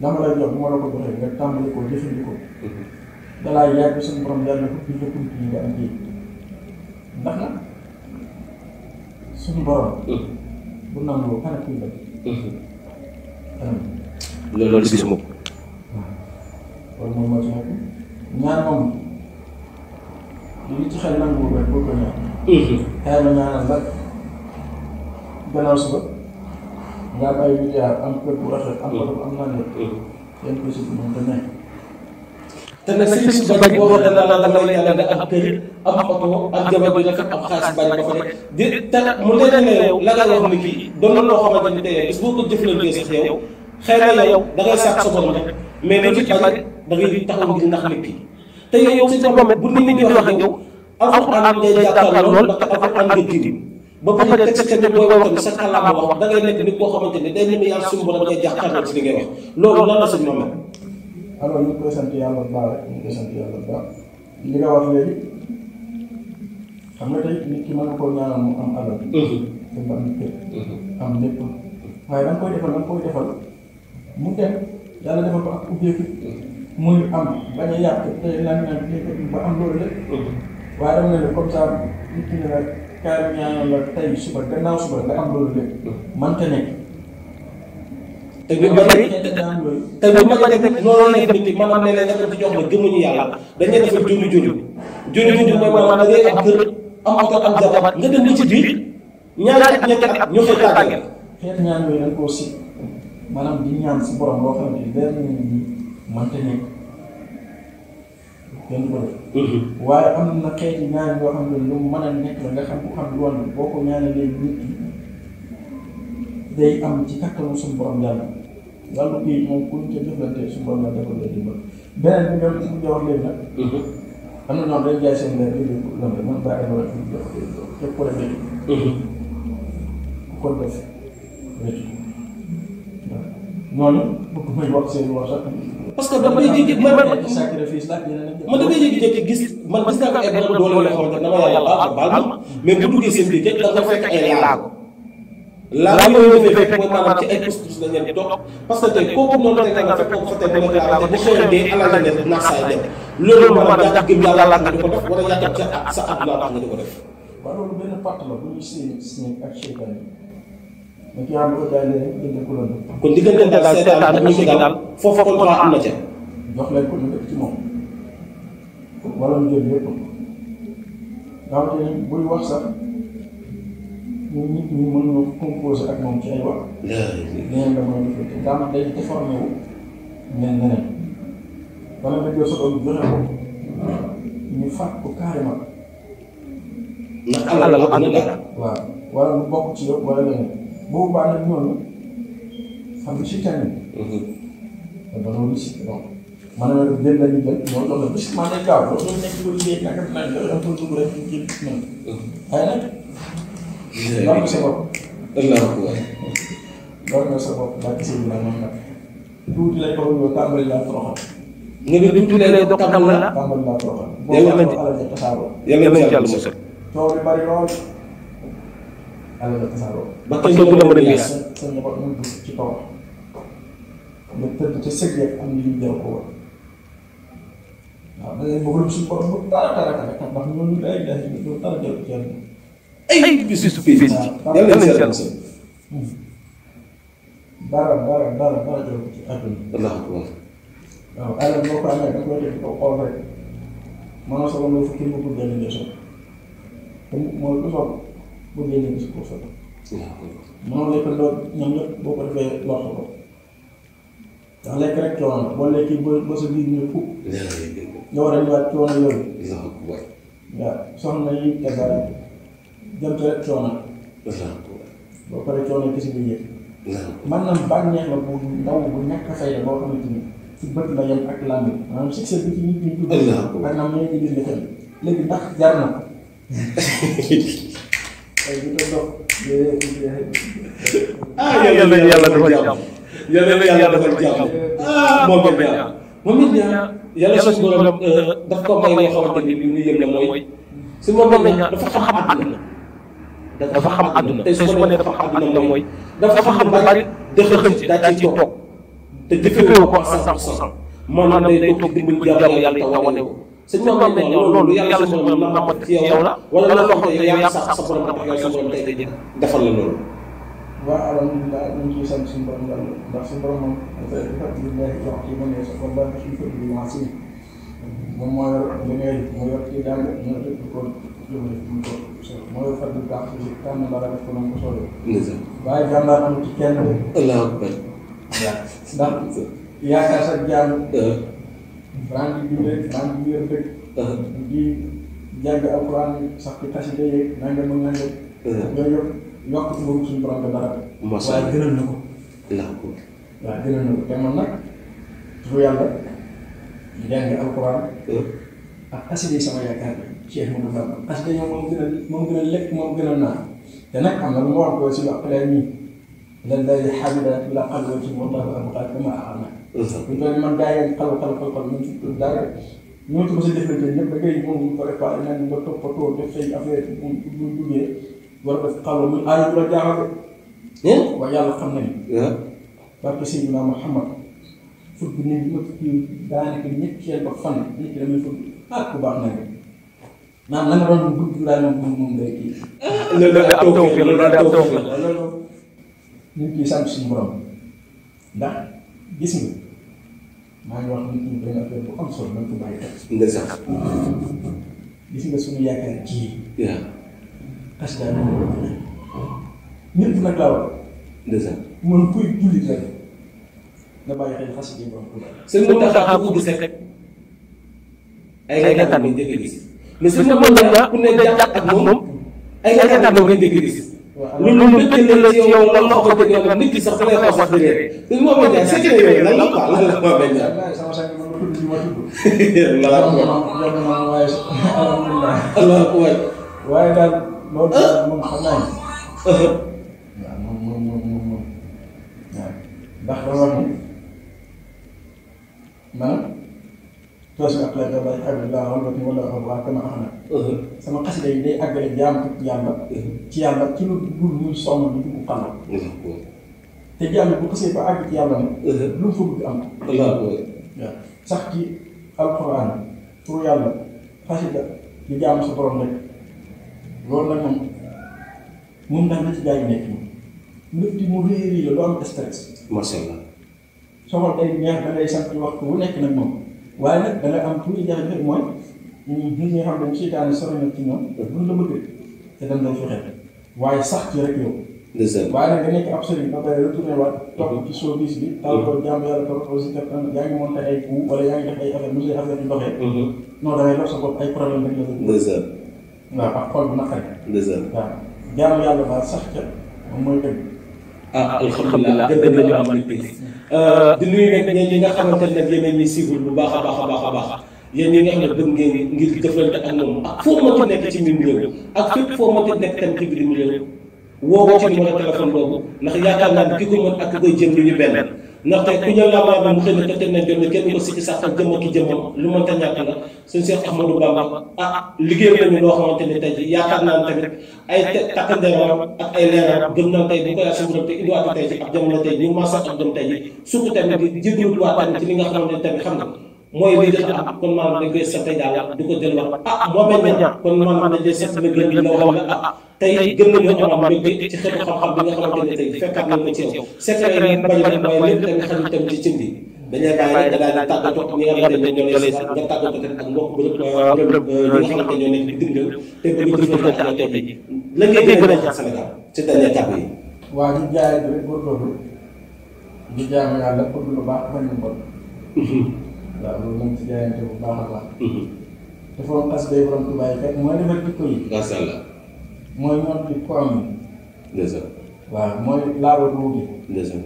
dama lay jox bu ma la ko joxee nga tàmbali ko jëfandikoo. dalaay yàgg suñu borom yàlla na ko fi nga yi bu nangu xanaa fi mu loolu loolu gisuma ko. waaw loolu moom mooy sama ñaan moom li ci xel nangu ko boo ko ñaan. xëy na ñaanal la gannaaw suba nga am ay milliards am kër bu rafet am oto am naa ne. kenn ku si moom te nekk. te nag sëriñ si bëgg boo xam ne la la am kër am ak jabar bi nekk am xaalis bari ba fa nekk di te mu leer ne loo xam ne kii doon na loo xamante ni da ngay sàkk sa borom rek mais lu da ngay nit di wax ak yow alxuraan ngay jàkkaarloo lool ndax alxuraan loolu lan la sa ñoom alors ñu ngi koy sant yàlla bu baax rek ñu ngi koy sant yàlla bu baax li nga wax léegi xam nga tey nit ki mën na koo ñaanal mu am alal. Mhm. te mu am kër. Mhm. am lépp waaye da nga koy defal da nga koy defal mu dem yàlla defal ko ak ubbeeku mhm. muy am bañ a yàq tey lan la ba am loolu lépp. waaye dama ne la comme ça nit ki ne la kaay ñaanal la tey suba gannaaw suba nga am loolu lépp. mënta nekk. te ñu bëri te ñu bëri loolu lay def maanaam ne leen dafa jox la gëmuñu yàlla dañ leen defal junni junni junni junni mooy maanaam da ngay am kër am oto am jabar nga dem ci biir ñaari at ñetti at ñoo koy tàggal xeet ñaan yooyu dañ koo si maanaam di ñaan si borom boo xam ne leer na ni mënta nekk kenn du ko def mhm. waaye am na xeeti ñaan yoo xam ne lu mën a nekk la nga xam ku xam loolu boo ko ñaanalee nit day am ci kattanu suñu borom yàlla wàllu kii moom ku ñu ca jëflante suñu borom la defal la dimbal beneen bi ñoom suñu jox léegi nag. Mhm. am na ñoom dañ jaay seen leer léegi lan la man bàyyi wala fi jox képp ku la dégg. Mhm. ku ko def rëcc noonu bëgg may wax seen wax sax. parce que dama jékki-jékki man man dama jékki-jékki gis man gis naa ko ay borom doole yoo xam ne dama yàlla baal ma mais bu duggee seen biir da nga fekk ay laago laa mooy ñu fekk mooy maanaam ci ay pus-pus la ngeen toog parce que tey kooku moom tey nga fekk ko fa tey dama kaa laate bu xëyee dee alal la ngeen nax saay dem loolu maanaam yàq gëm yàlla la nga di ko def wala yàq ca ak sa at laa tax nga di ko def waaw loolu benn pàcc la bu ñu see si ak seytaan yi ki am ko daal dëgg ko la kon diggante daal seytaan ak musique daal foofu kon kon am na ca jox leen ko ñu def ci moom wala mu jël lépp nga xam ne buy wax sax ñu ñu ñu mën a composé ak moom ci ay wax. leneen la mën a defee daanaka day déformé wu mel neneen. wala nga jël sa doom joxe ko ñu fàtt ko carrément. ndax alal la ànd la waaw wala mu bokk ci yow wala leneen boobu baax na ñooñu xam nga si tamit. Mhm. te ba loolu si bon. man la jël la ñu jël loolu loolu la bés. maa ngi gaaw loolu nekk ko liggéey naka dinañ ko def ko dugg rek ñu jël bàkk sa bopp. allah akbar. bàkk nga sa bopp bàkk si biir amoon na. tuuti lay toog yow tàmbali laa toroxal. nga ne tuuti lay doog tàmbali laa. tàmbali laa toroxal. yàlla na ci yàlla musal. coow bi bari lool. yàlla na tasaaroo. ba tey jii dama lay gis. sa njaboot muy dugg ci kaw. nga tëdd ca sëg yeeg am ñu jël ko woon. waaw da ngay bëgg suñu borom bu dara dara ndax ñooñu day day ñu dara jël kenn. ay bisu bisu bisu yàlla nañ ci yàlla dara dara dara dara jox ci àdduna. waaw alal boo ko amee da koy def ko xool rek maanaam sama loo fukki mu bëgg nañ jësoon te mooy lu soog bëgg nañ gis ko soog. maanaam lekk lool ñoom ñëpp boo ko defee lor ko ndax lekk rek coono boo lekkee ba ba sa biir ñu fu. nga war a ñëwaat coono yooyu. waaw soxna yi jëm ca coono. ba pare coono gis nga yëg. man nag bànneex la bu ndaw bu ñàkk a fay boo xamante ni ci bët la yem ak làmb maanaam succès bi ci nit ñi tudd. ak naam ñoo ngi gis ne tamit léegi ndax jar na ko. ah yal na yàlla defal jàmm yal na yàlla defal jàmm ah moom it ñaar moom it ñaar yàlla suñu borom euh, daf ko may loo xamante ni li muy yëngal mooy. su ma borom dafa xam-xam dafa xam àdduna te su ko nee dafa xam àdduna mooy dafa xam lu bari dëxëm ci daa ciy toog te jëfewu ko en cent pour cent maanaam day toog di dimbali jàmm yàlla yi tawane ko sëñ bi am nañ loolu yàlla suñu borom na mot ci yow la wala loo xam ne yow yaa sax sa borom na yow sa borom tey jël defal la loolu waaw alhamdulilah ñu ngi ciy sant suñu borom yàlla ndax suñu borom moom alhamdulilah wax ci mën sa borom baax suñu kër bi maa si moom moo yor li ngay moo yor ci daan mu ko jëmale mu ko mooy faddu baax ci kan la def ko non ko solo waaye jàmbaar amul ci kenn de Allahu akbar ndax yaakaar sa jàng franc bi rek franc bi rek di jàng alquran sax ci tasida yeeg nanga mën nanga yooyu yëpp yokk ci boobu suñu borom dara waaye gënal na ko Allahu akbar waaw gënal na ko te man nag su yàlla jàng alquran ak tasida sama yaakaar bi Cheikh Modou Fall parce que ñoom gën a moom gën a lekk moom gën a naan te nag am na lu ma wax ko si wax la ñi lan lay xamida la xalwa ci moom dafa am xaal dama am na ñu mhm. toll man daay xal xal xal xal ñu ci daay ñoo ci mos a jëfandikoo ñëpp da ngay moom ñu ko réparé naan nga toppatoo def say affaire bu bu duggee war a def xalwa muy aay bu la jaaxal eh? waaye yàlla xam nañu parce eh? que Seydina Muhammad fukk nit ñi ma daanaka ba fan nit ki damay fukk ah ku baax na naan la nga doon gudd gi daal moom moom day kii. loolu la am taw fii loolu la am taw fii loolu nit ki sant suñu borom ndax gis nga maa ngi wax nit ñi benn affaire bu am solo nañ ko bàyyi xel. ndeysaan. gis nga suñu yaakaar kii. waaw. parce que daal moom la ñu. ñëpp nag laa war. ndeysaan. man kuy jullit rek nga bàyyi xel xas bi borom. seen mëntaxaa bu du sekk ay ay gàttal bi njëkk gis. mais su ma mën na ku ne jàpp ak moom ay yaakaar moom ngeen di gis. waaw loolu mbégte la ci yow nga ko bëgg nga nit ki sax da ngay wax wax dëgg yàlla. moom la jaay secret yooyu lan la quoi lan la moom la jaay. la la waaye. waaye daal loolu moom xam naa ne. waaw moom moom moom moom ndax dama wax ni maanaam. toosa ak la bay ak la walbati wala waa kama axana sama xasida yi day àggale jaam yàlla ci yàlla ci lu dul muy soxna bi dugg xanaa te jaam bu xasee ba àgg ci yàlla na lu mu fa bëgg am waaw sax ci alxuraan pour yàlla xasida di jaam sa borom rek loolu nag moom moom nag na ci gaa yi nekk moom mbégte mu réer yi la lu am stress macha allah soxal day neex da ngay sant waxtu wu nekk nag moom waaye nag da nga am tuuti jafe-jafe mooy nit ñi nga xam ne seytaane sori na ci ñoom te duñ la bëgg te dañ lay fexe waaye sax ci rek yow. waaye nag nga nekk ab sëriñ ba pare retourné waat topp ci service bi. Mm-hmm. tal ko jàmm yàlla toog aussi kat yaa ngi monté ay coup wala yaa ngi def ay affaire mu see affaire yu doxee. Mm-hmm. non da ngay lor sa bopp ay problème rek la. dëgg la waaw ak xol bu naqari. dëgg la waaw jàmm yàlla baal sax ca moom mooy dëgg. ah, ah alhamdulilah gën nañu amal mbégte euh, di nuyu ñeen ñi nga xamante ne nag yéen ñuy suivre bu baax a baax a baax a baax yéen ñi nga xam ne bëgg ngeen ngir jëflante ak moom ak foo mënti nekk ci mim réew ak fépp foo mënti nekk tam ci biir réew woo ko ci numéro téléphone boobu ndax yaakaar naa ne ki ko mën ak ki koy jëm lu ñu benn ndaxte ku ñëw yàlla ba mu xëy na teg nañ benn kenn ko si ci sax ak jëmm ak jëmmam lu mënta ñàkk la suñu Cheikh Ahmadou Bamba ah liggéey nañu loo xamante ni tey yaakaar naa ne tamit ay takkandeeram ak ay leeram gëm naa tey bu ko yàlla suñu borom te indiwaat tey jii ak jamono tey jii ñu maasal ak dem tey jii surtout tamit di jégaluwaat tamit ci li nga xamante ne tamit xam nga mooy li jot a am kon maanaam moo mel ni kon maanaam dañ koy sant mbir mi la wax la ah, ah tey gën nañoo amaat mbégte ci xeetu xam-xam bi nga xamante a tey fekkaat nañ ko ci yow. secret yi bañ nañ mooy da nga xam itam ci cin bi dañuy bàyyi da daal di tàggatoo ñi nga xamante bu bu ñu ko a ñaan Sénégal ci dernier tàgg yi. ñu jaay waaw loolu moom si jaayante bu baax a baax. te mhm. foofu as day borom Tuubaa yi fekk mooy defar jikko yi. macha allah. mooy ñor bi ko am. ndeysaan. waaw mooy laaba bu wuti. ndeysaan.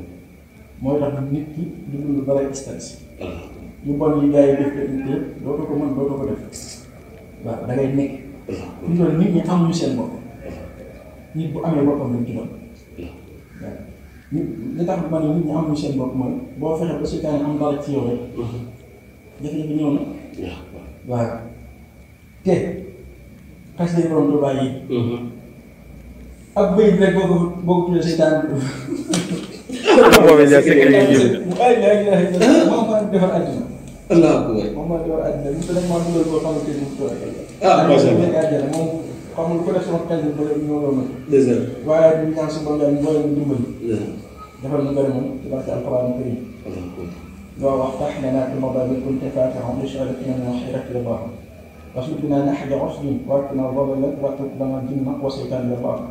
mooy tax nit ki di dund lu bare distance. yu bon yi gars yi def te dootoo ko mën dootoo ko def. waaw da ngay nekk. ñu doon nit ñi amuñu seen bopp. nit bu amee boppam lañ ci doon. waaw nit li tax ma ne nit ñi amuñu seen bopp mooy boo fexe ba si kaan am dara ci yow rek. Mhm. jafe-jafe ñëw na. waaw te xas nañu borom Tuubaa yi. Mm-hmm. ak béy bi rek boo ko boo ko tuddee seytaan bi. moom it yaa sekk nañu jëm. waaye yaa ngi lay moom maa defar àddina. allah akbar moom maa defar àddina ah, bi te nag maa dugal boo xam ne mu tudd ah macha allah moom xam nga ku def sama xel bi ba léegi ñoo loolu nag. waaye du ñu naan suñu borom daal ñu boole ñu dimbali. defal ñu bëri moom ci barke alxuraan karim وافتح لنا في مضاجع كنت فاتحا بشهادتنا من خيرك لله واصل بنا نحج عسر واركنا ضللا وتقبلنا الجنة وسيطان لله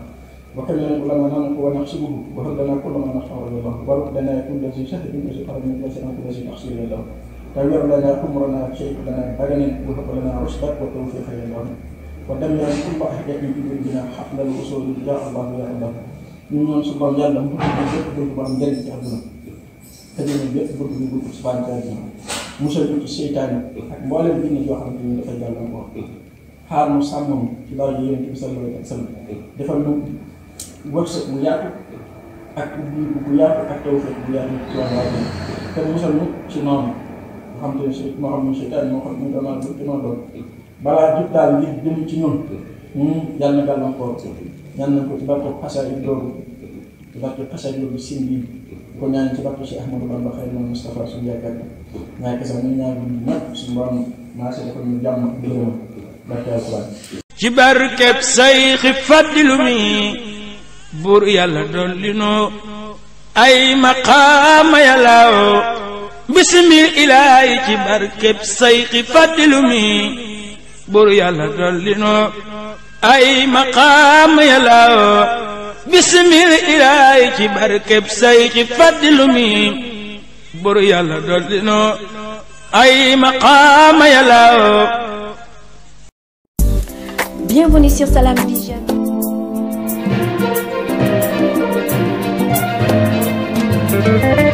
وكلنا كل ما نملك ونحسبه وهب لنا كل ما نختار لله وارد لنا كل ذي سهل وذي قرب وكل ذي نحصي لله تغير لنا امرنا شيخ لنا بدنا وهب لنا رشدك وتوفيق لله ودمر كل احداث في ديننا حفل الوصول يا الله يا الله من سبحان الله من سبحان الله te ñun bépp bunt bu dugg ci bànqaar bi musal ñu ci seytaane ak mboolem jinne yoo xamante ni dafay gàllankoor xaar mu sàmm ci dara ji yonent bi sallallahu alayhi wa sallam defal ñu wërsëg bu yaatu ak ubbi bu yaatu ak tawfeex bu yaatu ci wàllu waay te musal ñu ci noonu xam te ne moo xam ne seytaane moo xam ne damaa doon ci noonu doon balaa jub daal ngir jëm ci ñun ñun hmm, yàlla na gàllankoor ñaan nañ ko ci barke xasaay yi dooru ci barke xasaay yi dooru sin bii ko ci barkeb sayxi faddilu mi buur yàlla dolli noo ay maqaama yàllaaw bismi ilaahi ci barkeb sayxi faddilu mi buur ay maqaama yàllaaw bismil ilaahi ci barkeb say ci faddilu mi buru yàlla doldinoo ay maqaama yàlla bienvenue